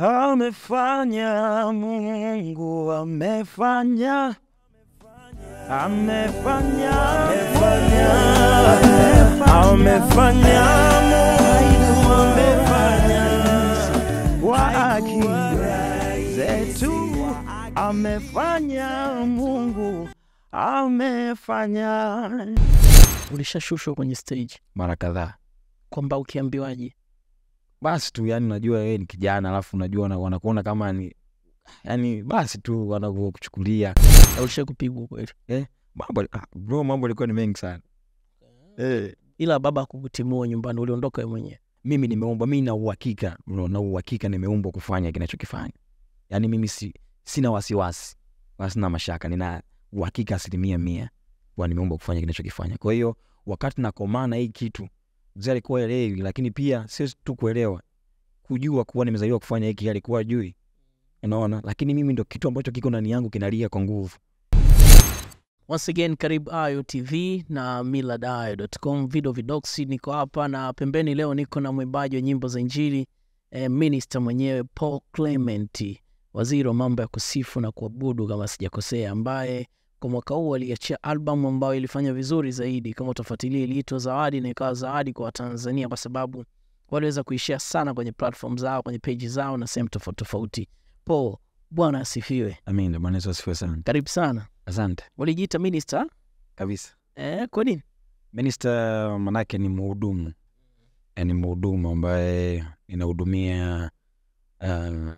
amefanya, Mungu amefanya, amefanya, amefanya, amefanya, Mungu amefanya kwa haki zetu, amefanya Mungu amefanya. Ulishashushwa kwenye stage mara kadhaa, kwamba ukiambiwaje basi tu yani unajua wewe ni kijana alafu unajua wanakuona kama ni yani basi tu wanakuchukulia ulisha kupigwa kweli eh? mambo ah, bro mambo alikuwa ni mengi sana eh. eh. ila baba akukutimua nyumbani uliondoka mwenyewe mimi nimeumbwa mi na uhakika na uhakika nimeumbwa kufanya kinachokifanya yani mimi si, sina wasiwasi wala sina mashaka nina uhakika asilimia mia kuwa nimeumbwa kufanya kinachokifanya kwa hiyo wakati nakomaa na hii kitu mzee alikuwa elewi, lakini pia siwezi tu kuelewa, kujua kuwa nimezaliwa kufanya hiki alikuwa ajui, unaona. Lakini mimi ndo kitu ambacho kiko ndani yangu kinalia kwa nguvu. Once again karibu Ayo TV na millardayo.com, video vidoksi. Niko hapa na pembeni, leo niko na mwimbaji wa nyimbo za Injili eh, minister mwenyewe Paul Clement, waziri wa mambo ya kusifu na kuabudu kama sijakosea, ambaye kwa mwaka huu waliachia albamu ambayo ilifanya vizuri zaidi. Kama utafuatilia, iliitwa Zawadi na ikawa zawadi kwa Watanzania kwa sababu waliweza kuishia sana kwenye platform zao, kwenye peji zao na sehemu tofauti tofauti. Po, Bwana asifiwe. Amin. Bwana Yesu asifiwe sana. Karibu sana. Asante. Walijiita minister kabisa. Eh, kwa nini minister? Manake ni mhudumu, eh, ni mhudumu ambaye inahudumia uh, eh,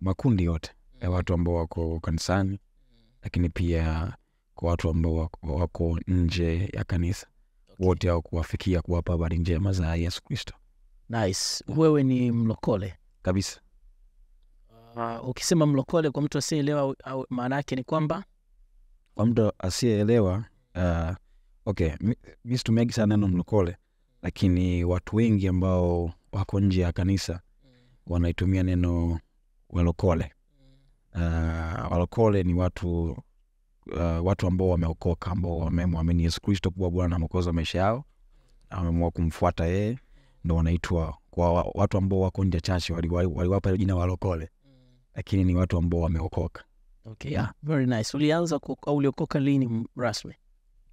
makundi yote ya watu ambao wako kanisani lakini pia kwa watu ambao wako, wako nje ya kanisa okay. wote au kuwafikia kuwapa habari njema za yesu kristo nice. Yeah. wewe ni mlokole kabisa uh, ukisema mlokole kwa mtu asiyeelewa maana yake ni kwamba kwa mtu asiyeelewa uh, okay mi situmiagi sana neno mlokole lakini watu wengi ambao wako nje ya kanisa mm. wanaitumia neno walokole uh, walokole ni watu uh, watu ambao wameokoka ambao wamemwamini yesu kristo kuwa bwana na mwokozi wa maisha yao wameamua kumfuata yeye ndo wanaitwa kwa watu ambao wako nje chache waliwapa wali, jina walokole lakini ni watu ambao wameokoka okay. yeah. Very nice. ulianza au uliokoka lini rasmi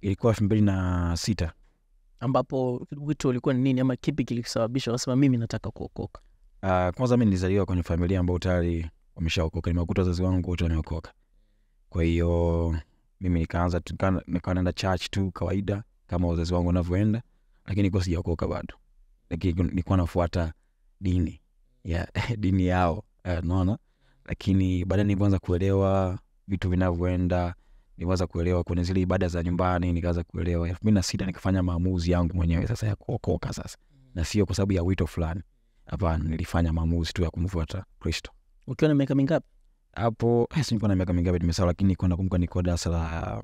ilikuwa elfu mbili na sita ambapo wito ulikuwa ni nini ama kipi kilisababisha wasema mimi nataka kuokoka uh, kwanza mi nilizaliwa kwenye familia ambayo tayari wameshaokoka, nimekuta wazazi wangu wote wameokoka. Kwa hiyo mimi nikaanza nikawa naenda church tu kawaida kama wazazi wangu wanavyoenda, lakini nilikuwa sijaokoka bado, lakini nikuwa nafuata dini ya dini yao eh, unaona. naona. lakini baadaye nilivyoanza kuelewa vitu vinavyoenda, nilianza kuelewa kwenye zile ibada za nyumbani, nikaanza kuelewa. elfu mbili na sita nikafanya maamuzi yangu mwenyewe sasa ya kuokoka sasa, na sio kwa sababu ya wito fulani. Hapana, nilifanya maamuzi tu ya kumfuata Kristo ukiwa na miaka mingapi hapo? Nilikuwa na miaka mingapi nimesahau, lakini nilikuwa nakumbuka niko darasa la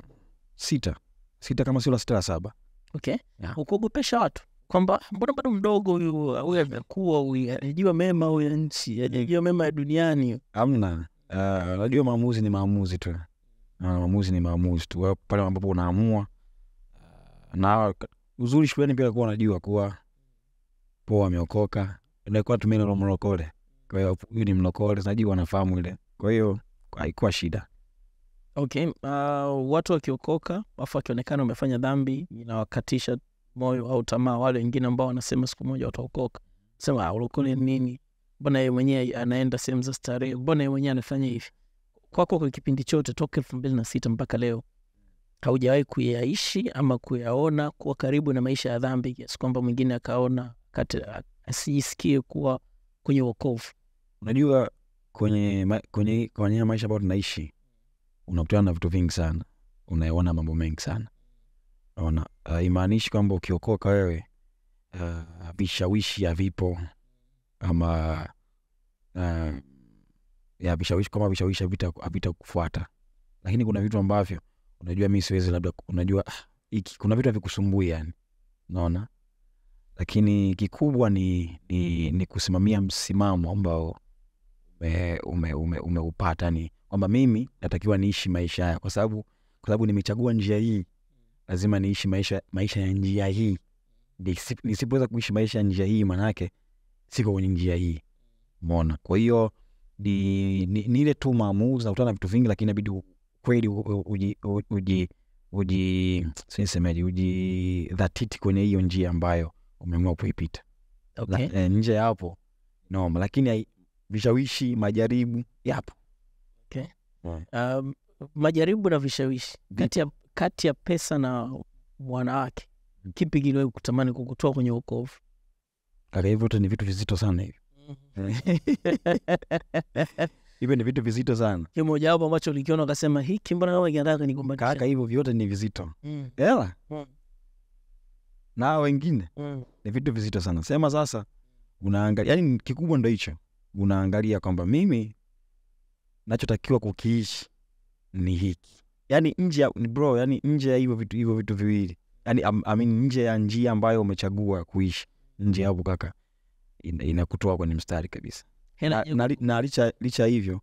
sita sita kama sio la sita la saba. Okay, Ukuogopesha watu kwamba mbona bado mdogo huyu, huyu huyu, anajua mema huyu nchi, anajua mema ya duniani. Amna, uh, eh, maamuzi ni maamuzi tu maamuzi ni maamuzi tu pale ambapo unaamua na uzuri shuleni pia kuwa najua kuwa poa ameokoka, nakuwa tumia neno kwa hiyo huyu ni mlokole, najua wanafahamu ile, kwa hiyo haikuwa shida. Okay, uh, watu wakiokoka afu wakionekana wamefanya dhambi inawakatisha moyo au tamaa wale wengine ambao wanasema siku moja wataokoka, sema ah, ulokole nini? Mbona ye mwenyewe anaenda sehemu za starehe? Mbona ye mwenyewe anafanya hivi? Kwako kwa kipindi chote toka elfu mbili na sita mpaka leo haujawahi kuyaishi ama kuyaona kuwa karibu na maisha ya dhambi kiasi kwamba mwingine akaona asiisikie kuwa kwenye uokovu Unajua kwenye, kwenye, kwenye maisha ambayo tunaishi unakutana na vitu vingi sana, unaona mambo mengi sana ona. Uh, ah, imaanishi kwamba ukiokoka wewe uh, ah, vishawishi havipo ama uh, ya vishawishi kama vishawishi havita kufuata, lakini kuna vitu ambavyo unajua mi siwezi, labda unajua hiki, kuna vitu havikusumbui yani, naona lakini kikubwa ni, ni, mm. ni kusimamia msimamo ambao umeupata ume, ume, ni yaani kwamba mimi natakiwa niishi maisha haya kwa sababu kwa sababu nimechagua njia hii lazima niishi maisha, maisha ya njia hii nisipoweza kuishi maisha ya njia hii manake siko kwenye njia hii mona kwa hiyo ni, ni, ni ile tu maamuzi nakutana na vitu vingi lakini inabidi kweli uji, uji, uji, uji sinisemeje ujidhatiti kwenye hiyo njia ambayo umeamua kuipita okay. La, eh, nje yapo noma, lakini vishawishi majaribu yapo okay. yeah. um, majaribu na vishawishi kati ya, kati ya pesa na wanawake hmm. kipi kiliwahi kutamani kukutoa kwenye ukovu Kaka, hivyo ni vitu vizito sana hivyo mm-hmm. hivyo ni vitu vizito sana. Kimojawapo ambacho ulikiona ukasema hiki mbona kama kinataka Kaka, hivyo vyote ni vizito mm. ela mm na wengine mm. ni vitu vizito sana sema sasa unaangalia yani kikubwa ndo hicho unaangalia kwamba mimi nachotakiwa kukiishi ni hiki yani nje ya bro yani nje ya hivyo vitu hivyo vitu viwili yani am, mean, nje ya njia ambayo umechagua kuishi nje hapo kaka inakutoa ina kwenye mstari kabisa na, na, na licha, licha hivyo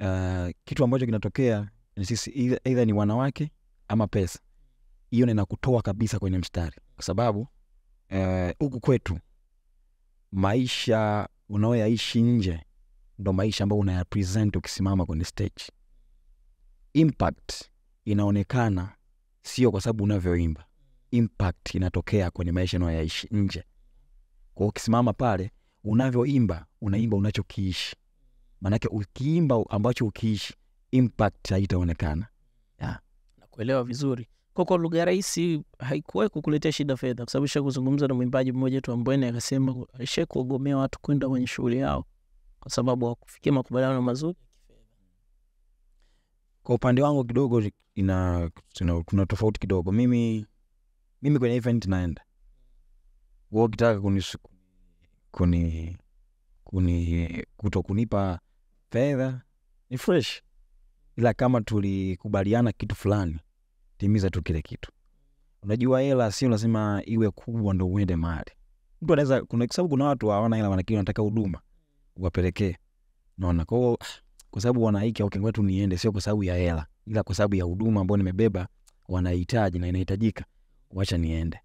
uh, kitu ambacho kinatokea ni sisi eidha ni wanawake ama pesa hiyo inakutoa kabisa kwenye mstari kwa sababu eh, huku eh, kwetu maisha unaoyaishi nje ndo maisha ambayo unayapresent ukisimama kwenye stage impact inaonekana sio kwa sababu unavyoimba impact inatokea kwenye maisha unayoyaishi nje kwao ukisimama pale unavyoimba unaimba unachokiishi maanake ukiimba ambacho ukiishi impact haitaonekana yeah. nakuelewa vizuri kwa kwa lugha rahisi haikuwahi kukuletea shida fedha, kwa sababu shakuzungumza na mwimbaji mmoja tu Ambwene akasema isha kuogomea watu kwenda kwenye shughuli yao kwa sababu wakufikia makubaliano mazuri. Kwa upande wangu kidogo ina kuna tofauti kidogo. Mimi mimi kwenye event naenda wao, kitaka kuni kuni kuni kuto kunipa fedha ni fresh, ila kama tulikubaliana kitu fulani timiza tu kile kitu. Unajua, hela sio lazima iwe kubwa ndo uende mahali. Mtu anaweza kuna, kwa sababu kuna watu hawana hela, wanakili wanataka huduma wapelekee. naona kwa hiyo kwa sababu wana hiki au kingwetu niende, sio kwa sababu ya hela, ila kwa sababu ya huduma ambayo nimebeba wanahitaji na inahitajika, wacha niende.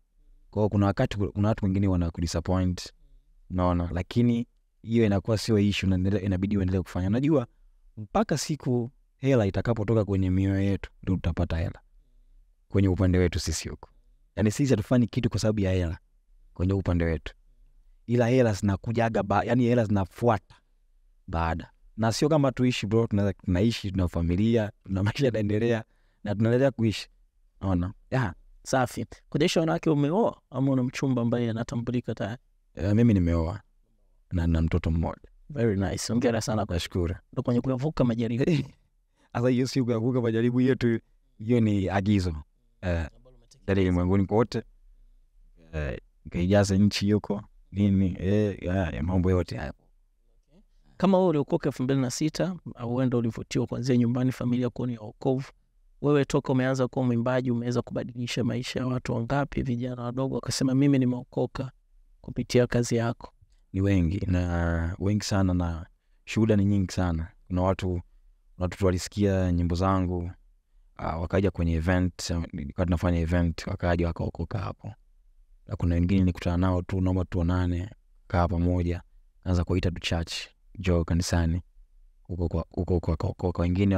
Kwa hiyo kuna wakati kuna watu wengine wanakudisappoint, naona, lakini hiyo inakuwa sio issue na inabidi uendelee kufanya. Unajua mpaka siku hela itakapotoka kwenye mioyo yetu ndio tutapata hela kwenye upande wetu sisi huko. yani sisi hatufanyi kitu kwa sababu ya hela kwenye upande wetu ila hela zinakujaga ba, yani hela zinafuata baada na sio kama tuishi bro tuna, tunaishi tuna familia tuna maisha yanaendelea na tunaendelea kuishi naona yeah. safi kujesha wanawake umeoa ama una mchumba ambaye anatambulika tayari uh, mimi nimeoa na na mtoto mmoja very nice ongera sana kwa shukuru ndo kwenye kuyavuka majaribu sasa hiyo si kuyavuka majaribu yetu hiyo ni agizo Eh, yani limwenguni kote, nikaijaza eh, nchi huko nini, eh, mambo yote hayo kama wewe uliokoka elfu mbili na sita huenda ulivutiwa kuanzia nyumbani, familia kuoni ya wokovu. Wewe toka umeanza kuwa mwimbaji, umeweza kubadilisha maisha ya watu wangapi, vijana wadogo wakasema mimi nimeokoka kupitia kazi yako? Ni wengi na wengi sana, na shuhuda ni nyingi sana. Kuna watu watu walisikia nyimbo zangu Ah, wakaja kwenye event nilikuwa tunafanya event wakaja wakaokoka hapo na kuna wengine nikutana nao tu naomba tuonane kaa pamoja kaanza kuita tu church jo kanisani huko huko kwa wengine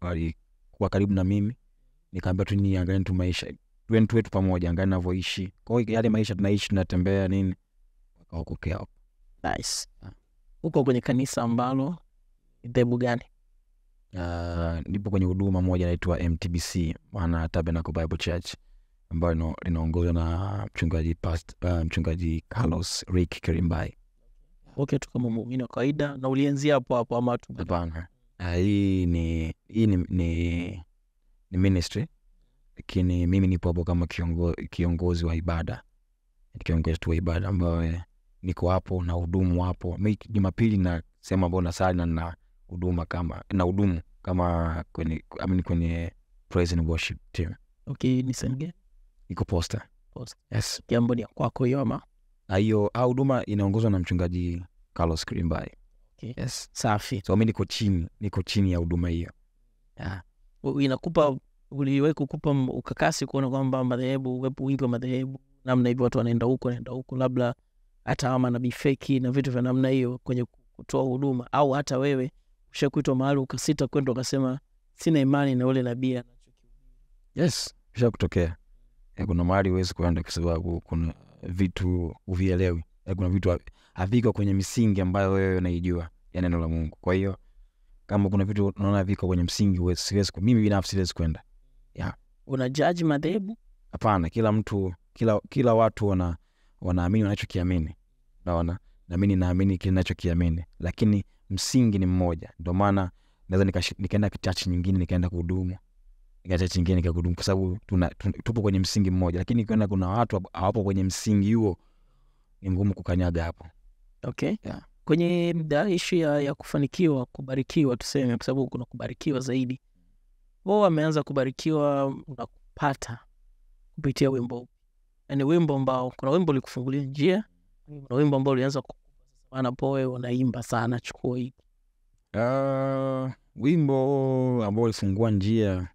walikuwa karibu na mimi nikaambia tu nii angani tu maisha tueni tuwetu pamoja angani navyoishi kwao yale maisha tunaishi tunatembea nini wakaokokea huko nice. huko kwenye kanisa ambalo dhehebu gani Uh, nipo kwenye huduma moja naitwa mtbc maana tabernacle bible church ambayo linaongozwa na mchungaji past, uh, mchungaji carlos rik kirimbai okay tu kama muumini wa kawaida na ulianzia hapo hapo ama tu uh, hii ni hii ni, ni, ni ministry lakini mimi nipo hapo kama kiongo, kiongozi wa ibada kiongozi tu wa ibada ambayo niko hapo na hudumu hapo mi jumapili na sehemu ambao nasali na na huduma kama na hudumu kama kwenye I mean kwenye praise and worship team. Okay, ni sehemu Iko Posta. Posta. Yes. Jambo ni kwako hiyo ama? Ah, hiyo ah, huduma inaongozwa na mchungaji Carlos Kirimbai. Okay. Yes. Safi. So mimi niko chini, niko chini ya huduma hiyo. Yeah. Inakupa uliwahi kukupa ukakasi kuona kwamba madhehebu uwepo wingi wa madhehebu namna hivyo watu wanaenda huko wanaenda huko labda hata hawa manabii feki na vitu vya namna hiyo kwenye kutoa huduma au hata wewe ushakuitwa mahali ukasita kwenda ukasema sina imani na ule nabii yes shakutokea e, eh, kuna mahali uwezi kuenda kwa sababu kuna vitu uvielewi e, eh, kuna vitu haviko kwenye misingi ambayo wewe unaijua ya neno la mungu kwa hiyo kama kuna vitu unaona viko kwenye msingi siwezi mimi binafsi siwezi kwenda yeah. una jaji madhehebu hapana kila mtu kila kila watu wana wanaamini wanachokiamini naona nami ninaamini kile nachokiamini lakini msingi ni mmoja. Ndio maana naweza nikaenda kichachi nyingine nikaenda kuhudumu katika chingine nikahudumu kwa sababu tupo kwenye msingi mmoja, lakini ikiona kuna watu hawapo kwenye msingi huo ni ngumu kukanyaga hapo. Okay. Yeah. Kwenye ishu ya, ya kufanikiwa kubarikiwa, tuseme, kwa sababu kuna kubarikiwa zaidi, wo wameanza kubarikiwa unakupata kupitia wimbo, yaani wimbo ambao kuna wimbo ulikufungulia njia, kuna wimbo ambao ulianza wanapo wewe unaimba sana, chukua hiki. Uh, ah, wimbo ambao ulifungua njia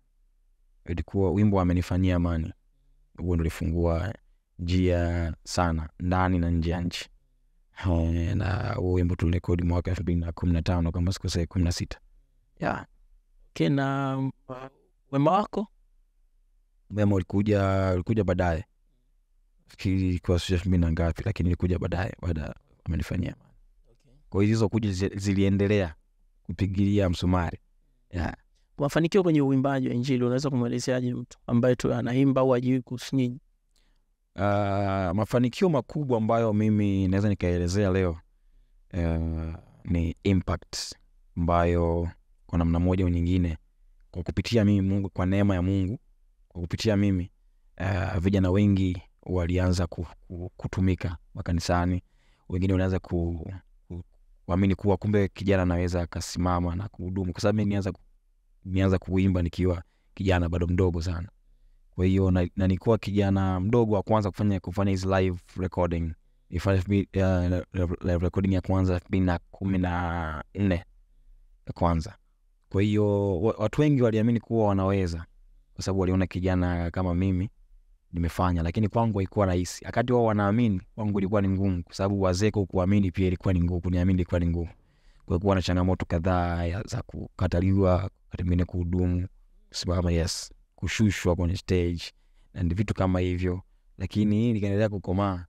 ilikuwa wimbo amenifanyia amani. Huo ndo ulifungua njia sana ndani na nje ya nchi eh, na huo wimbo tulirekodi mwaka elfu mbili na kumi na tano kama sikosei, kumi na sita yeah. Uh, wema wako wema ulikuja ulikuja baadaye, fikiri ilikuwa elfu mbili na ngapi, lakini ilikuja baadaye baada amenifanyia kwa hiyo ziliendelea kupigilia msumari yeah. Mafanikio kwenye uimbaji wa Injili unaweza kumwelezeaje mtu ambaye tu anaimba au ajui kuhusu nyinyi? Uh, ah, mafanikio makubwa ambayo mimi naweza nikaelezea leo uh, ni impact ambayo kwa namna moja au nyingine kwa kupitia mimi Mungu, kwa neema ya Mungu, kwa kupitia mimi uh, vijana wengi walianza kutumika makanisani, wengine walianza ku, kuamini kuwa kumbe kijana anaweza akasimama na kuhudumu, kwa sababu nianza nianza kuimba nikiwa kijana bado mdogo sana. Kwa hiyo na, na nikuwa kijana mdogo wa kwanza kufanya kufanya hizi live recording ifanya uh, live recording ya kwanza elfu mbili na kumi na nne ya kwanza. Kwa hiyo watu wengi waliamini kuwa wanaweza, kwa sababu waliona kijana kama mimi nimefanya, lakini kwangu haikuwa rahisi. Wakati wao wanaamini, kwangu ilikuwa ni ngumu, kwa sababu wazee kwa kuamini pia ilikuwa ni ngumu, kuniamini ilikuwa ni ngumu. Kulikuwa na changamoto kadhaa za kukataliwa, pengine kuhudumu, kusimama, yes, kushushwa kwenye stage na vitu kama hivyo, lakini nikaendelea kukomaa,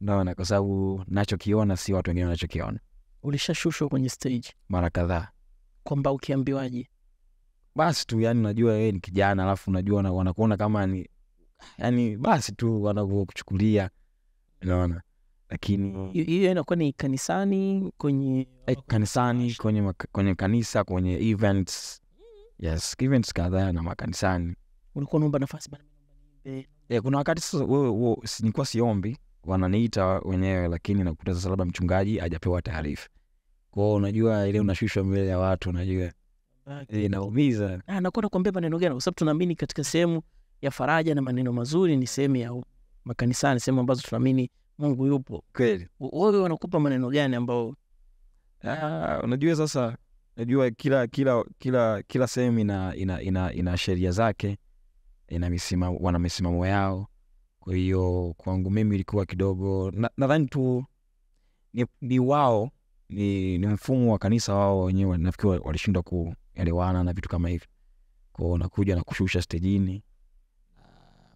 naona kwa sababu nachokiona si watu wengine wanachokiona. Ulishashushwa kwenye stage mara kadhaa, kwamba ukiambiwaje basi tu, yani unajua wewe ni kijana, alafu unajua wanakuona kama ni yani basi tu wanavyokuchukulia naona lakini mm. hiyo inakuwa ni kanisani kwenye eh, kanisani kwenye, maka, kwenye kanisa kwenye events yes events kadhaa na makanisani ulikuwa naomba nafasi bana eh, kuna wakati sasa nikuwa siombi wananiita wenyewe lakini nakuta sasa labda mchungaji ajapewa taarifa kwao unajua ile unashushwa mbele ya watu unajua ah, eh, inaumiza ah, nakuwa nakuambia maneno gani kwa sababu tunaamini katika sehemu ya faraja na maneno mazuri ni sehemu ya makanisani, sehemu ambazo tunaamini Mungu yupo kweli. Wewe wanakupa maneno gani ambao ah, unajua sasa, najua kila kila kila kila sehemu ina ina ina, ina sheria zake ina misima, wana misimamo yao. Kwa hiyo kwangu mimi ilikuwa kidogo nadhani na tu ni, ni wao ni, ni mfumo wa kanisa wao wenyewe nafikiri walishindwa kuelewana na vitu kama hivyo kwao, nakuja na kushusha stejini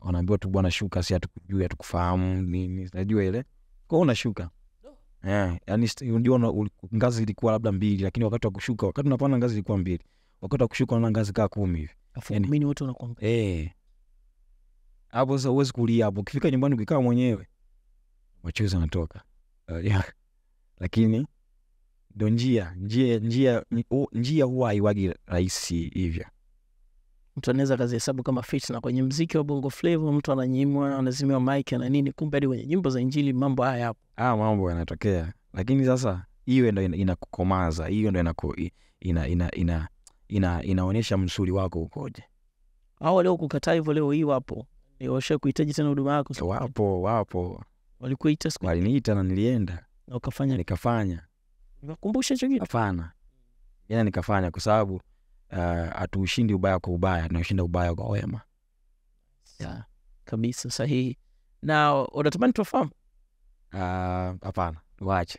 wanaambiwa tu bwana shuka si hatukujui atukufahamu nini najua ile kwao unashuka oh. yeah, yani unajua ngazi ilikuwa labda mbili lakini wakati wa kushuka wakati unapanda ngazi ilikuwa mbili wakati wa kushuka unaona ngazi kaa kumi hivi yani, wote wanakuangalia eh hapo sasa uwezi kulia hapo ukifika nyumbani ukikaa mwenyewe machozi yanatoka uh, yeah. lakini ndo njia njia njia njia huwa haiwagi rahisi hivyo mtu anaweza kazihesabu kama fitna. Kwenye mziki wa bongo flavo mtu ananyimwa, anazimiwa mike na nini, kumbe hadi kwenye nyimbo za Injili mambo haya hapo, aya ah, mambo yanatokea. Lakini sasa hiyo ndo inakukomaza, ina hiyo ndo inaonyesha ina, ina, ina, ina, ina msuli wako ukoje. Au walio kukataa hivo leo hii wapo washa kuhitaji tena huduma yako, wapo wapo, walikuita waliniita na nilienda na nikafanya. Unakumbusha hicho kitu? Hapana, yani nikafanya kwa sababu Uh, hatuushindi uh, ubaya kwa ubaya tunaushinda ubaya kwa wema yeah. kabisa sahihi na unatamani tuwafahamu uh, hapana uh, waache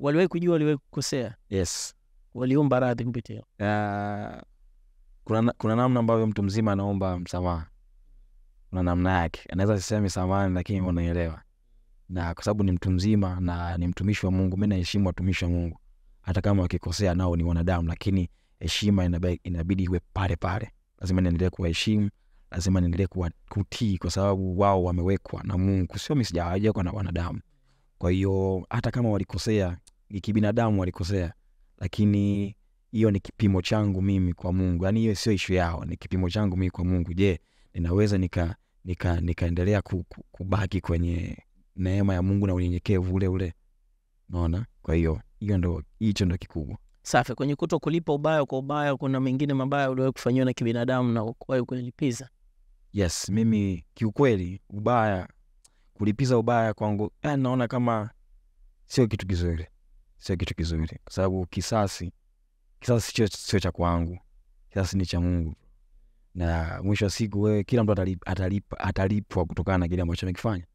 waliwahi kujua waliwahi kukosea yes waliomba radhi kupitia uh, kuna, kuna namna ambavyo mtu mzima anaomba msamaha kuna namna yake anaweza asiseme samani lakini unaelewa na kwa sababu ni mtu mzima na ni mtumishi wa mungu mi naheshimu watumishi wa mungu hata kama wakikosea nao ni wanadamu lakini heshima inabidi iwe pale pale, lazima niendelee kuwaheshimu, lazima niendelee kutii, kwa sababu wao wamewekwa na Mungu, sio mimi, sijawekwa na wanadamu. Kwa hiyo hata kama walikosea kibinadamu, walikosea, lakini hiyo ni kipimo changu mimi kwa Mungu. Yani hiyo sio ishu yao, ni kipimo changu mimi kwa Mungu. Je, ninaweza nika nika nikaendelea kubaki kwenye neema ya Mungu na unyenyekevu ule ule? Naona, kwa hiyo hiyo ndo, hicho ndo kikubwa safi kwenye kuto kulipa ubaya kwa ubaya kuna mengine mabaya uliwahi kufanyiwa na kibinadamu na kuwahi kulipiza yes mimi kiukweli ubaya kulipiza ubaya kwangu eh, naona kama sio kitu kizuri sio kitu kizuri kwa sababu kisasi kisasi sio cha kwangu kisasi ni cha mungu na mwisho wa siku wewe kila mtu atalipwa atalipa, atalipa kutokana na kile ambacho amekifanya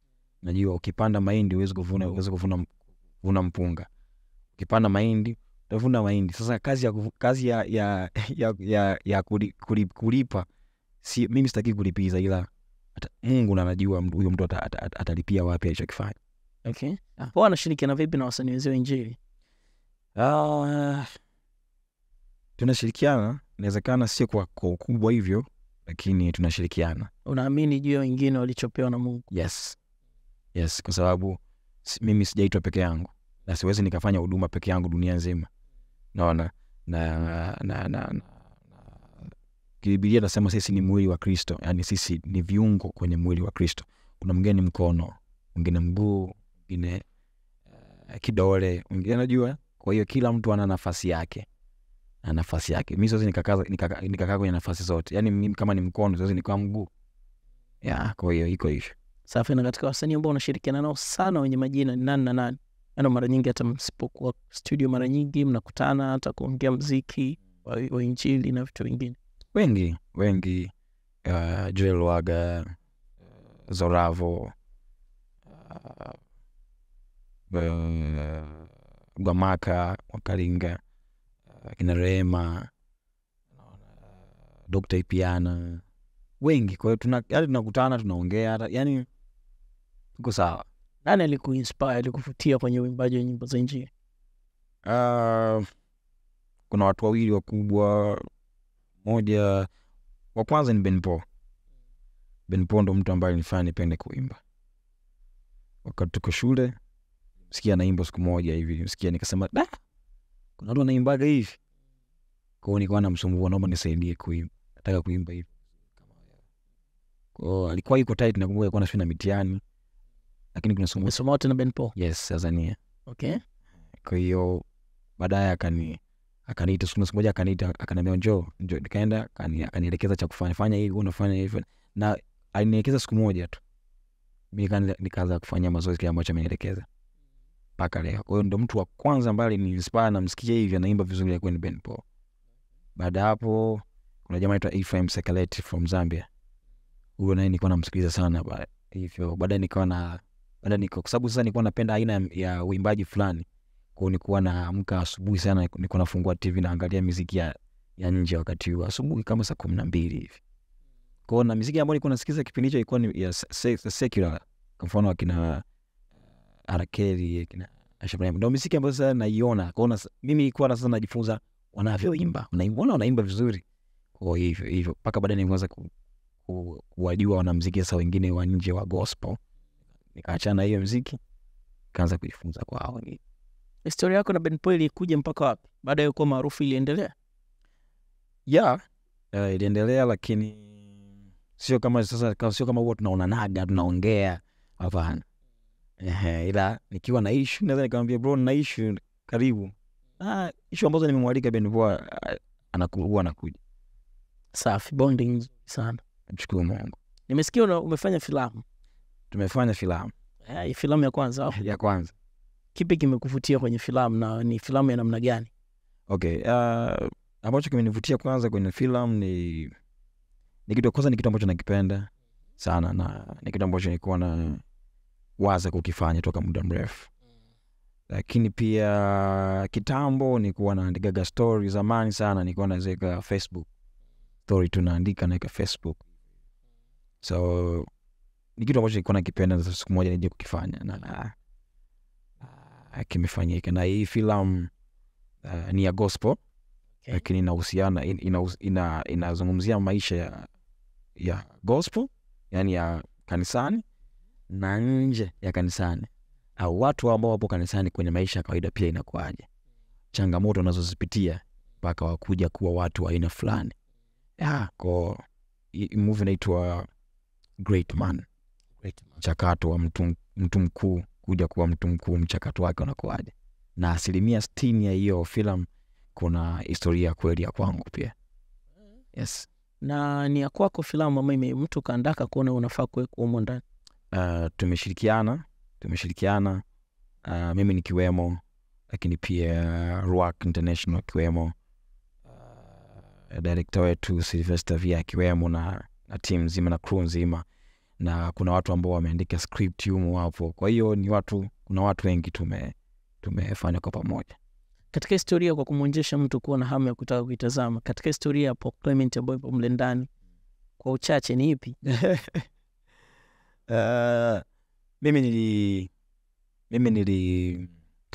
najua ukipanda mahindi huwezi kuvuna, kuvuna, kuvuna mpunga ukipanda mahindi tavuna mahindi. Sasa kazi ya, kazi ya, ya, ya, ya, ya kulipa si, mimi sitaki kulipiza, ila ata, Mungu nanajua huyo mtu atalipia wapi alichokifanya. Okay. Ah. Wao anashirikiana vipi na wasanii wenzio Injili? Ah, tunashirikiana, inawezekana sio kwa ukubwa hivyo, lakini tunashirikiana. Unaamini juu ya wengine walichopewa na Mungu? Yes, yes, kwa sababu mimi sijaitwa peke yangu na siwezi nikafanya huduma peke yangu dunia nzima naona na, na, na, na Biblia inasema sisi ni mwili wa Kristo, yaani sisi ni viungo kwenye mwili wa Kristo. Kuna mwingine ni mkono, mwingine mguu, mwingine uh, kidole, mwingine najua. Kwa hiyo kila mtu ana nafasi yake na nafasi yake. Mi siwezi nikakaa nikaka, nikaka kwenye nafasi zote, yaani kama ni mkono siwezi nikawa mguu ya. Kwa hiyo iko hivyo. Safi. Na katika wasanii ambao unashirikiana nao sana wenye majina ni nani na nani? yani mara nyingi hata msipokuwa studio mara mm. nyingi mnakutana hata kuongea mziki wainjili wa na vitu vingine wengi wengi uh, joel uh, zoravo uh, uh, gwamaka wakalinga uh, kina rehema uh, dokta ipiana wengi kwahiyo tuna, yaani tunakutana tunaongea hata yani tuko sawa nani alikuinspire alikuvutia kwenye uimbaji wa nyimbo za injili uh, kuna watu wawili wakubwa moja wa kwanza ni benpo benpo ndo mtu ambaye nilifanya nipende kuimba wakati tuko shule sikia naimba siku moja hivi sikia nikasema da kuna watu wanaimbaga hivi kwao nikawa namsumbua naomba nisaidie kuimba nataka kuimba hivi kwao alikuwa yuko tit nakumbuka alikuwa nashina mitiani lakini kunasoma tena Ben Paul. Yes, Tanzania. Okay. Kwa hiyo baadaye akani akaniita siku moja akaniita akaniambia njoo njoo, nikaenda akanielekeza cha kufanya, fanya hivi unafanya hivi, na alinielekeza siku moja tu, mimi nikaanza kufanya mazoezi kile ambacho amenielekeza mpaka leo. Kwa hiyo ndo mtu wa kwanza ambaye aliniinspire namsikia hivi anaimba vizuri alikuwa ni Ben Paul. Baada ya hapo kuna jamaa anaitwa Ephraim Sekeleti from Zambia, huyo naye nilikuwa namsikiliza sana hivyo, baadaye nikawa na baada niko, kwa sababu sasa nilikuwa napenda aina ya uimbaji fulani, nilikuwa naamka asubuhi sana, nilikuwa nafungua TV naangalia ya, ya nje wakati huo asubuhi kama saa kumi na mbili hivi. Kwa na ambayo nilikuwa nasikiza kipindi hicho ilikuwa ni ya secular, kwa mfano akina Arakeli uh, akina ambayo sasa naiona. mimi nilikuwa sasa najifunza wanavyoimba, wanaimba vizuri, kwa hivyo hivyo mpaka baadaye nilianza kuwajua sasa wengine wa nje wa gospel nikaachana hiyo mziki kaanza kujifunza kwao wengine. Historia yako na benpol ilikuja mpaka wapi? Baada ya kuwa maarufu iliendelea? ya Yeah, uh, iliendelea lakini sio kama sasa, sio kama huwa tunaonanaga tunaongea, hapana. ila nikiwa na ishu naweza nikamwambia bro, na ishu karibu. Ah, ishu ambazo nimemwalika Ben Paul ah, anakuwa anakuja. Safi, bonding sana. Mshukuru Mungu. Nimesikia umefanya filamu tumefanya filamu eh, filamu ya kwanza ya kwanza. Kipi kimekuvutia kwenye filamu na ni filamu ya namna gani? Okay, uh, ambacho kimenivutia kwanza kwenye filamu ni ni kitu kwanza, ni kitu ambacho nakipenda sana na ni kitu ambacho nikuwa na waza kukifanya toka muda mrefu, lakini pia kitambo nikuwa naandikaga stori zamani sana, nikuwa nazeka Facebook stori tunaandika naeka Facebook so ni kitu ambacho nilikuwa nakipenda siku moja nije kukifanya na kimefanyika na hii filamu uh, ni ya gospel okay. lakini inahusiana inazungumzia ina, maisha ya, ya gospel yani ya kanisani na nje ya kanisani au watu ambao wapo kanisani kwenye maisha ya kawaida pia inakuaje changamoto anazozipitia mpaka wakuja kuwa watu wa aina fulani ah, ko mvi naitwa great man mchakato wa mtu, mtu mkuu kuja kuwa mtu mkuu, mchakato wake unakuwaje, na asilimia stini ya hiyo filamu kuna historia kweli ya kwangu pia. Yes. na ni ya kwako filamu ambayo mtu kaandaka kuona unafaa kuwekwa humo ndani? Uh, tumeshirikiana tumeshirikiana uh, mimi nikiwemo, lakini pia Ruark International akiwemo uh, eh, direkta wetu Silvester Via akiwemo na, na timu nzima na kru nzima na kuna watu ambao wameandika script humu hapo kwa hiyo ni watu kuna watu wengi tume tumefanya kwa pamoja katika historia kwa kumwonjesha mtu kuwa na hamu ya kutaka kuitazama katika historia ya Pope Clement ambayo ipo mle ndani kwa uchache ni ipi uh, mimi nili mimi nili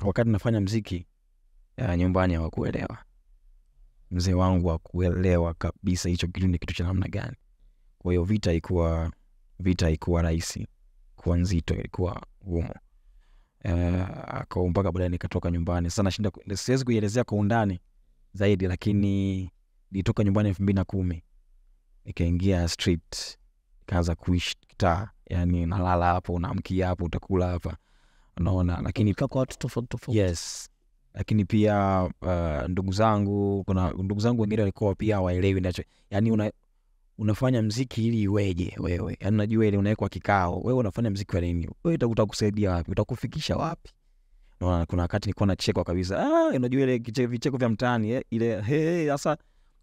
wakati nafanya mziki uh, nyumbani hawakuelewa mzee wangu wakuelewa kabisa hicho kitu ni kitu cha namna gani kwa hiyo vita ikuwa vita ikuwa rahisi, kuwa nzito ilikuwa gumu. Uh, eh, mpaka baadae nikatoka nyumbani. Sasa nashinda, siwezi kuielezea kwa undani zaidi, lakini nitoka nyumbani elfu mbili na kumi nikaingia street, nikaanza kuishi kitaa, yani nalala hapo, unaamkia hapo, utakula hapa, unaona. Lakini kwa watu tofauti tofauti, yes lakini pia uh, ndugu zangu kuna ndugu zangu wengine walikuwa pia waelewi nacho yani una, unafanya mziki ili iweje wewe yani unajua ile unawekwa kikao wewe unafanya mziki wa nini wewe utakusaidia wapi utakufikisha wapi naona kuna wakati nilikuwa nachekwa kabisa ah, unajua ile vicheko vya mtaani eh, ile he sasa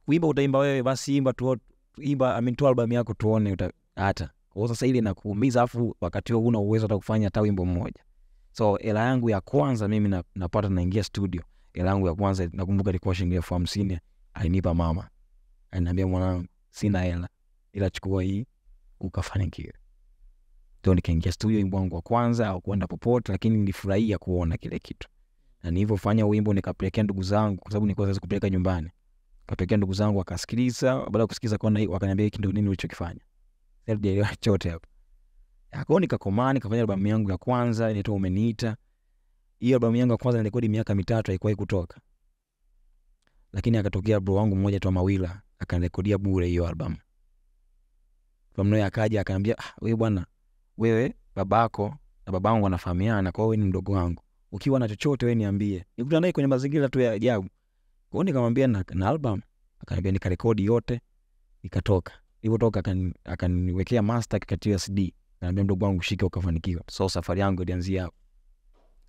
kuimba utaimba wewe basi imba tu imba I mean, tu album yako tuone uta, hata kwa sasa ile inakuumiza afu wakati huo una uwezo hata kufanya hata wimbo mmoja so hela yangu ya kwanza mimi na, napata naingia studio hela yangu ya kwanza nakumbuka ilikuwa shilingi elfu hamsini alinipa mama ananiambia mwanangu sina hela, ila chukua hii ukafanikiwe. Ndio nikaingia studio, wimbo wangu wa kwanza au kuenda popote, lakini nilifurahia kuona kile kitu, na nilivyofanya wimbo nikapelekea ndugu zangu, kwa sababu nilikuwa siwezi kupeleka nyumbani, kapelekea ndugu zangu wakasikiliza. Baada ya kusikiliza kwa nini, wakaniambia hiki ndio nini ulichokifanya, sasa sijaelewa chochote hapo. Akao nikakomaa, nikafanya albamu yangu ya kwanza inaitwa Umeniita. Hiyo albamu yangu ya kwanza nilikodi miaka mitatu, haikuwahi kutoka, lakini akatokea bro wangu mmoja tu Mawila akanirekodia bure hiyo albamu. Famnoya akaja akaambia, ah, we bwana, wewe babako na babangu wanafahamiana, kwa hiyo wewe ni mdogo wangu, ukiwa na chochote wewe niambie. Nikutana naye kwenye mazingira tu ya ajabu, kwa hiyo nikamwambia na, na album, akaniambia nikarekodi yote, ikatoka Ilipotoka akaniwekea akani master kikatiwa CD, akaniambia mdogo wangu, shike ukafanikiwa. So safari yangu ilianzia hapo.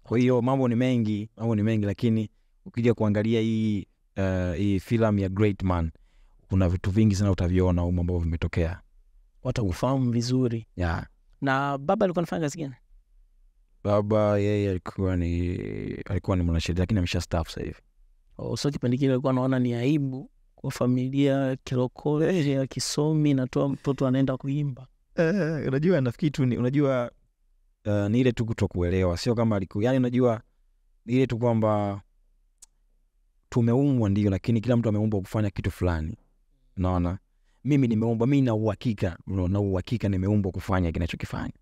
Kwa hiyo mambo ni mengi, mambo ni mengi, lakini ukija kuangalia hii uh, hii filamu ya Great Man kuna vitu vingi sana utaviona umo ambavyo vimetokea, watakufahamu vizuri yeah. Na baba alikuwa nafanya kazi gani? Baba yeye alikuwa ni alikuwa ni mwanasheria lakini amesha sasa sahivi Oh, so kipindi kile alikuwa naona ni aibu kwa familia kirokole ya kisomi natoa mtoto anaenda kuimba. Uh, unajua nafikiri tu unajua uh, ni ile tu kutokuelewa, sio kama alikuwa yani, unajua ni ile tu kwamba tumeumwa ndio, lakini kila mtu ameumbwa kufanya kitu fulani naona mimi nimeumbwa mi nauhakika uhakika na uhakika nimeumbwa kufanya kinachokifanya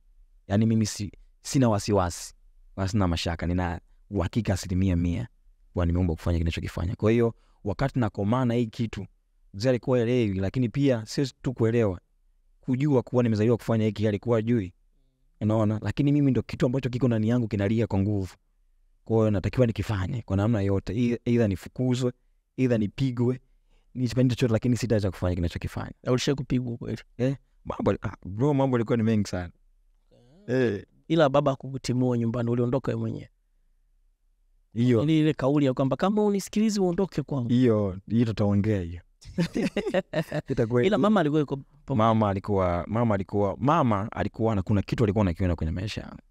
yani mimi si, sina wasiwasi wala sina mashaka nina uhakika asilimia mia kuwa nimeumbwa kufanya kinachokifanya kwa hiyo wakati nakomaa na hii kitu mzee alikuwa elewi lakini pia siwezi tu kuelewa kujua kuwa nimezaliwa kufanya hiki alikuwa jui unaona lakini mimi ndo kitu ambacho kiko ndani yangu kinalia kwa nguvu kwahiyo natakiwa nikifanye kwa namna yote idha nifukuzwe idha nipigwe nisipende chochote lakini sitaweza kufanya kinachokifanya ulisha kupigwa kweli eh, mambo ah, bro mambo ilikuwa ni mengi sana eh. ila baba akukutimua nyumbani uliondoka we mwenyewe hiyo ili ile kauli ya kwamba kama unisikilizi uondoke kwangu hiyo hiyo tutaongea hiyo itakuwa ila mama alikuwa yuko mama alikuwa mama alikuwa mama alikuwa kuna kitu alikuwa nakiona kwenye maisha yangu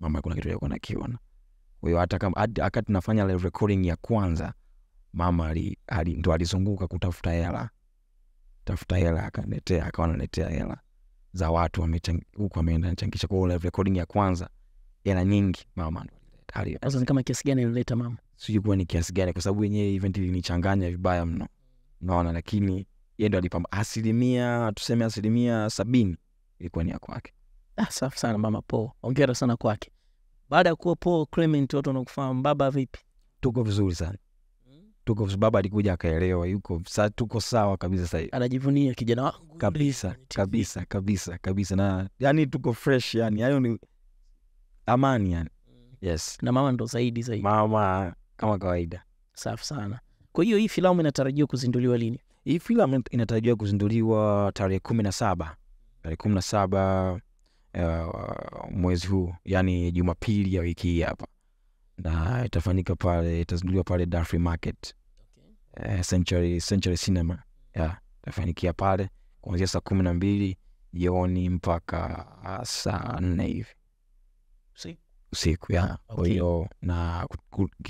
mama kuna kitu alikuwa nakiona kwa hiyo hata kama wakati nafanya recording ya kwanza mama ali, ali, ndo alizunguka kutafuta hela tafuta hela akanetea akawa naletea hela za watu huku ameenda nichangisha kwa ile recording ya kwanza hela nyingi mama sasa ni kama kiasi gani alileta mama sijui kuwa ni kiasi gani kwa sababu yenyewe event ilinichanganya vibaya mno naona lakini ye ndo alipamba asilimia tuseme asilimia sabini ilikuwa ni ya kwake ah, safi sana mama po ongera sana kwake baada ya kuwa po clement watu wanakufahamu baba vipi tuko vizuri sana tuko sababu alikuja akaelewa, yuko sa, tuko sawa kabisa sasa Anajivunia kijana wangu kabisa kabisa kabisa kabisa, na yani tuko fresh, yani hayo ni amani yani. Mm. Yes, na mama ndo zaidi zaidi, mama kama kawaida. Safi sana. Kwa hiyo hii filamu inatarajiwa kuzinduliwa lini? Hii filamu inatarajiwa kuzinduliwa tarehe kumi na saba tarehe kumi na saba uh, mwezi huu, yani Jumapili ya wiki hii hapa na itafanyika pale itazinduliwa pale Dafri Market okay. Eh, Century, Century Cinema yeah, itafanyikia pale kuanzia saa kumi na mbili jioni mpaka saa nne hivi usiku ya kwa hiyo okay. na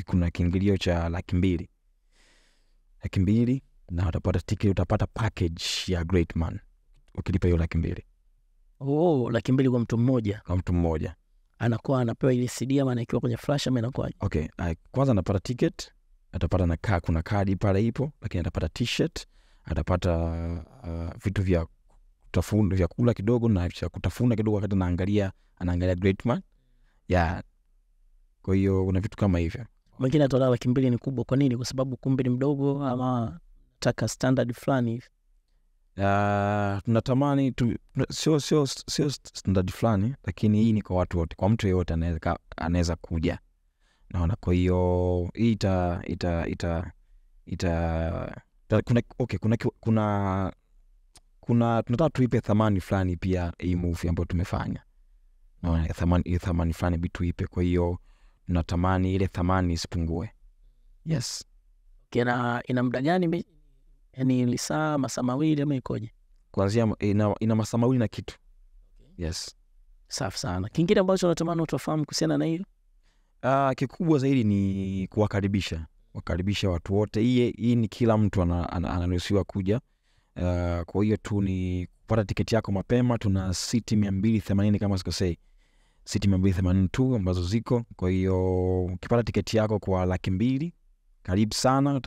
kuna kiingilio cha laki mbili laki mbili na utapata tiketi utapata package ya great man ukilipa hiyo laki mbili oh, laki mbili kwa mtu mmoja kwa mtu mmoja anakuwa anapewa ile CD ama anaekiwa kwenye flash ama inakuwaje? Okay, uh, kwanza anapata ticket, atapata na kaa, kuna kadi pale ipo, lakini atapata t-shirt, atapata uh, vitu vya kutafuna vya kula kidogo na vya kutafuna kidogo, wakati anaangalia anaangalia Great Man ya kwa hiyo kuna vitu kama hivyo. Mwingine atolea laki mbili ni kubwa. Kwa nini? Kwa sababu kumbi ni mdogo ama taka standard fulani hivi uh, tunatamani tu, sio sio sio standard fulani lakini hii ni kwa watu wote kwa mtu yeyote anaweza kuja naona kwa hiyo hii ita ita ita ita ta, kuna, okay, kuna, kuna kuna tunataka tuipe thamani fulani pia hii movie ambayo tumefanya naona thamani, thamani fulani bi tuipe kwa hiyo tunatamani ile thamani isipungue yes Kena, ina muda gani yani lisaa masaa mawili ama ikoje? Eh, ina, ina masaa mawili na kitu. Yes. Safi sana. Kingine ambacho natamani kuhusiana na hiyo Uh, kikubwa zaidi ni kuwakaribisha wakaribisha watu wote. Hii ni kila mtu anaruhusiwa kuja. Uh, kwa hiyo tu ni kupata tiketi yako mapema. Tuna siti mia mbili themanini kama sikosei, siti mia mbili themanini tu ambazo ziko. Kwa hiyo ukipata tiketi yako kwa laki mbili, karibu sana,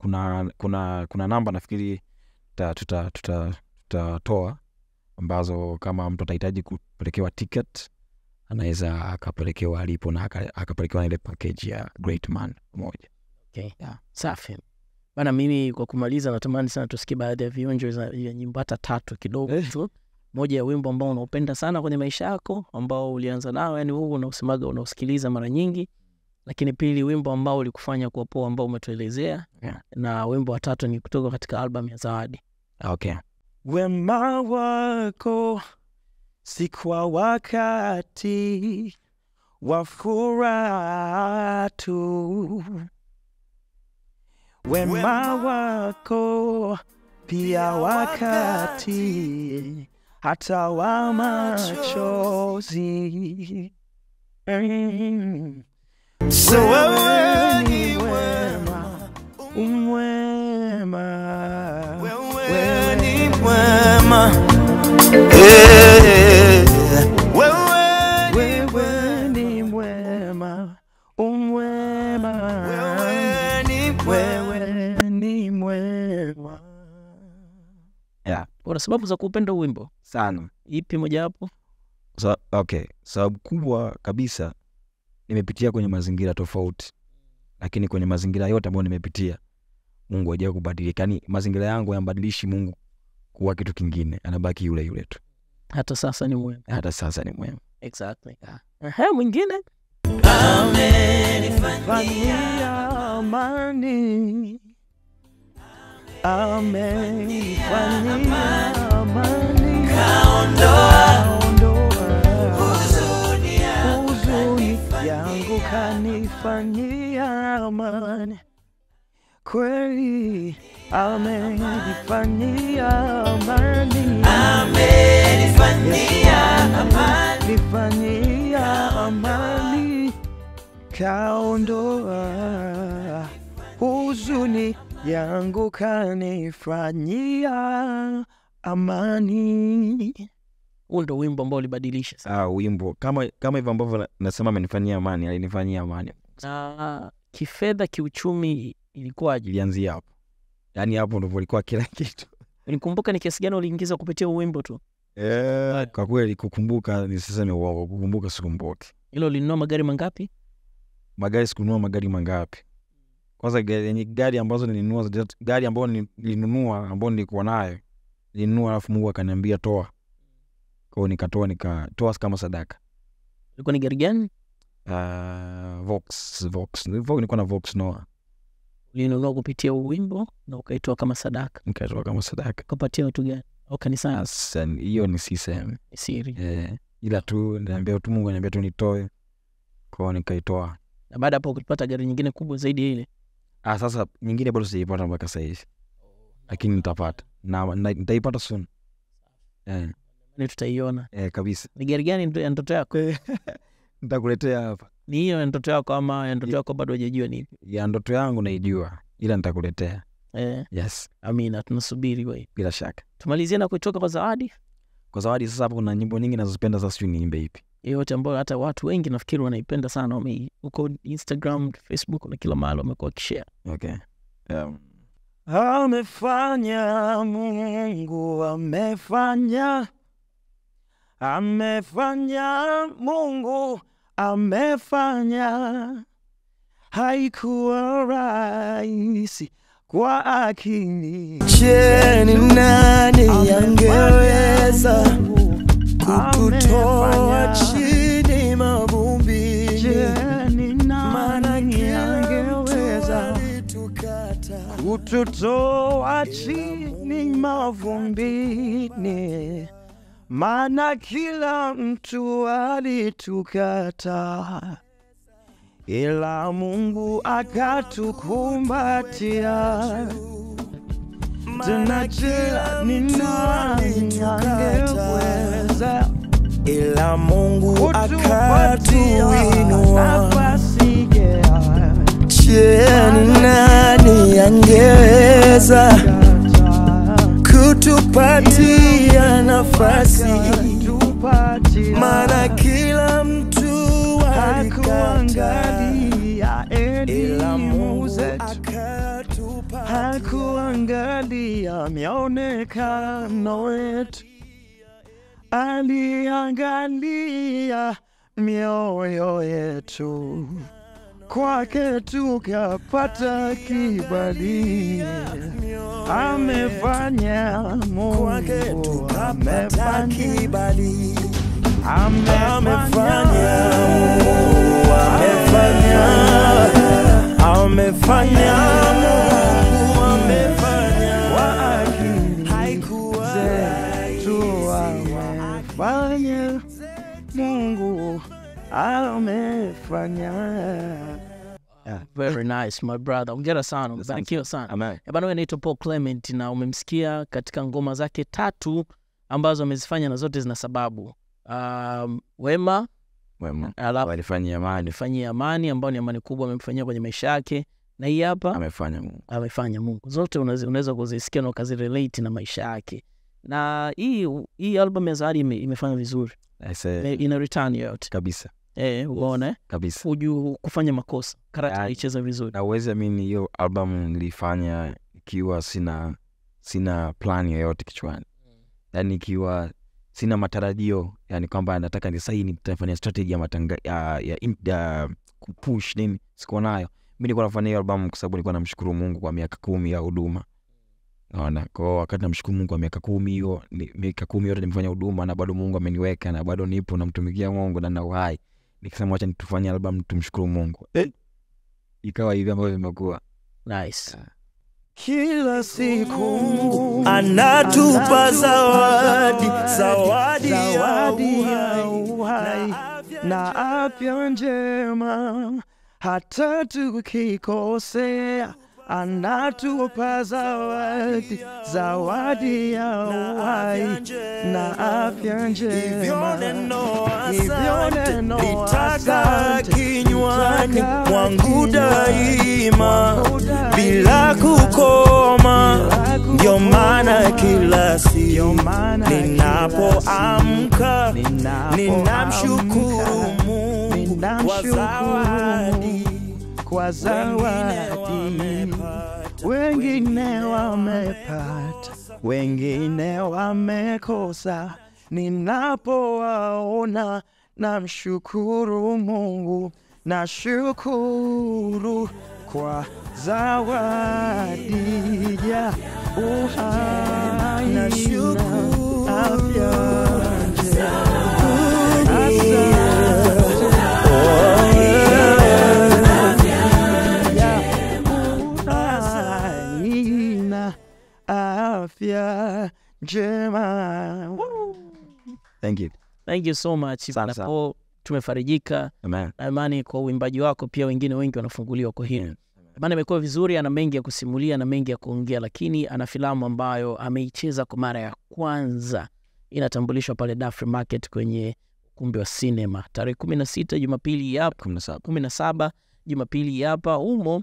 kuna, kuna, kuna namba nafikiri tutatoa tuta, tuta ambazo kama mtu atahitaji kupelekewa ticket anaweza akapelekewa alipo na akapelekewa ile pakeji ya great man moja okay. yeah. safi bana mimi kwa kumaliza natamani sana tusikie baadhi ya vionjo vya nyimbo hata tatu kidogo eh. tu moja ya wimbo ambao unaupenda sana kwenye maisha yako ambao ulianza nao yani huu unausemaga unausikiliza mara nyingi lakini pili wimbo ambao ulikufanya kuwa poa ambao umetuelezea yeah. na wimbo watatu ni kutoka katika albam ya zawadi okay. wema wako si kwa wakati wa furaha tu wema wako pia wakati hata wa machozi mm. So wewe ni mwema, umwema, wewe ni mwema, una sababu za kuupenda wimbo sana, ipi mojawapo? So, okay, sababu kubwa kabisa nimepitia kwenye mazingira tofauti, lakini kwenye mazingira yote ambayo nimepitia Mungu hajawahi kubadilika. Yani mazingira yangu yambadilishi Mungu kuwa kitu kingine, anabaki yule yule tu. Hata sasa ni mwema, hata sasa ni mwema. Exactly. Yeah. mwingine amenifanyia amani, amenifanyia amani, kaondoa ukanifanyia amani kweli, amenifanyia amani, amenifanyia amani, kaondoa huzuni yangu, kanifanyia amani huo ndo wimbo ambao ulibadilisha ah, wimbo kama kama hivyo ambavyo nasema amenifanyia amani, alinifanyia amani. Na kifedha, kiuchumi ilikuwaje? Ilianzia hapo, yaani hapo ndo ilikuwa kila kitu. Nikumbuka ni kiasi gani uliingiza kupitia uwimbo tu? Yeah, kwa kweli kukumbuka ni siseme uongo, kukumbuka sikumbuki. Hilo ulinunua magari mangapi? Magari sikununua magari mangapi. Kwanza enye gari ambazo ninunua gari ambao nilinunua ambao nilikuwa nayo linunua alafu Mungu akaniambia toa kwao nikatoa nikatoa kama sadaka ilikuwa ni gari gani uh, nilikuwa na vox noa ulinunua kupitia uwimbo na ukaitoa kama sadaka nikaitoa kama sadaka kapatia watu gani au kanisani hiyo ni siseme siri yeah. ila tu naambia tu mungu anaambia tu nitoe kwao nikaitoa na baada hapo ukipata gari nyingine kubwa zaidi ile ah, sasa nyingine bado sijaipata mpaka sahizi lakini nitapata na nitaipata sun yeah. Yaani tutaiona. Eh, kabisa. Ni gari gani ya ndoto yako? Nitakuletea hapa. Ni hiyo ya ndoto yako ama ya ndoto yako bado hujajua ni Ya ndoto yangu naijua ila ntakuletea Eh. Yes. Amina, tunasubiri wewe. Bila shaka. Tumalizie na kuitoka kwa zawadi. Kwa zawadi sasa hapo kuna nyimbo nyingi nazozipenda sasa sijui niimbe ipi. Yote ambayo hata watu wengi nafikiri wanaipenda sana wame huko Instagram, Facebook na kila mahali wamekuwa wakishare. Okay. Um. Amefanya Mungu amefanya Amefanya Mungu amefanya, haikuwa rahisi kwa akili. Je, ni nani yangeweza kukutoa chini ni nani mavumbini? kututoa chini mavumbini maana kila mtu alitukata, ila Mungu akatukumbatia. Tena kila mtu alitukata, ila Mungu akatuinua. Je, nani angeweza kutupatia nafasi nafasi, maana kila mtu alikuangalia elimu zetu, hakuangalia mionekano wetu, aliangalia mioyo yetu kwake tu kapata kibali, amefanya Mungu amefanya kibali, amefanya amefanya amefanya Mungu amefanya Mungu amefanya Very eh. nice my brother, ongera sana, umebarikiwa sana eh, bana. huyo anaitwa Paul Clement na umemsikia katika ngoma zake tatu ambazo amezifanya na zote zina sababu. Um, Wema alifanyia amani amani ambayo ni amani kubwa amemfanyia kwenye maisha yake, na hii hapa amefanya Mungu, amefanya Mungu. Zote unaweza kuzisikia na ukazirelate na maisha yake, na hii hii album ya zaadi imefanya vizuri, ina return yoyote kabisa. Eh, uone eh? kufanya makosa karate yaani, vizuri na amini hiyo albamu nilifanya ikiwa sina sina plan yoyote kichwani mm. yaani ikiwa sina matarajio yani kwamba nataka ni sahii nitafanya strategy ya matanga ya, ya, ya kupush nini sikuwa nayo mi nikuwa nafanya hiyo albamu kwa sababu nilikuwa namshukuru mungu kwa miaka kumi ya huduma naona kwao wakati namshukuru mungu kwa miaka kumi hiyo miaka kumi yote nimefanya huduma na bado mungu ameniweka na bado nipo namtumikia mungu na nauhai nikasema wacha tufanye album tumshukuru mungu eh, ikawa hivi ambavyo vimekuwa nice. Ah. Kila siku anatupa zawadi, zawadi ya uhai na afya njema, hata tukikosea anatupa zawadi, zawadi ya uhai na afya njema. Hivyo neno kinywani mwangu daima bila kukoma, ndio maana kila siku ninapoamka ninamshukuru Mungu kwa zawadi kwa zawadi, wengine wamepata, wengine wamekosa. Ninapowaona namshukuru Mungu, nashukuru kwa zawadi ya uhai na afya. afya njema. Thank you. Thank you so much Paul, tumefarijika naimani kwa uimbaji wako, pia wengine wengi wanafunguliwa kwa hili. mana imekuwa vizuri, ana mengi ya kusimulia na mengi ya kuongea, lakini ana filamu ambayo ameicheza kwa mara ya kwanza, inatambulishwa pale Dafri Market kwenye ukumbi wa sinema tarehe kumi na sita Jumapili kumi na saba Jumapili hapa humo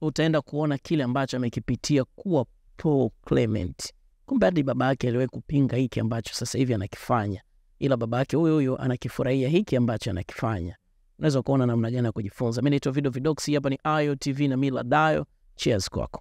utaenda kuona kile ambacho amekipitia kuwa Paul Clement. Kumbe hadi baba yake aliwahi kupinga hiki ambacho sasa hivi anakifanya, ila baba yake huyo huyo anakifurahia hiki ambacho anakifanya. Unaweza kuona namna gani ya kujifunza. Mi naitwa Video vidoksi hapa ni Ayo TV na Mila Dayo. Cheers kwako.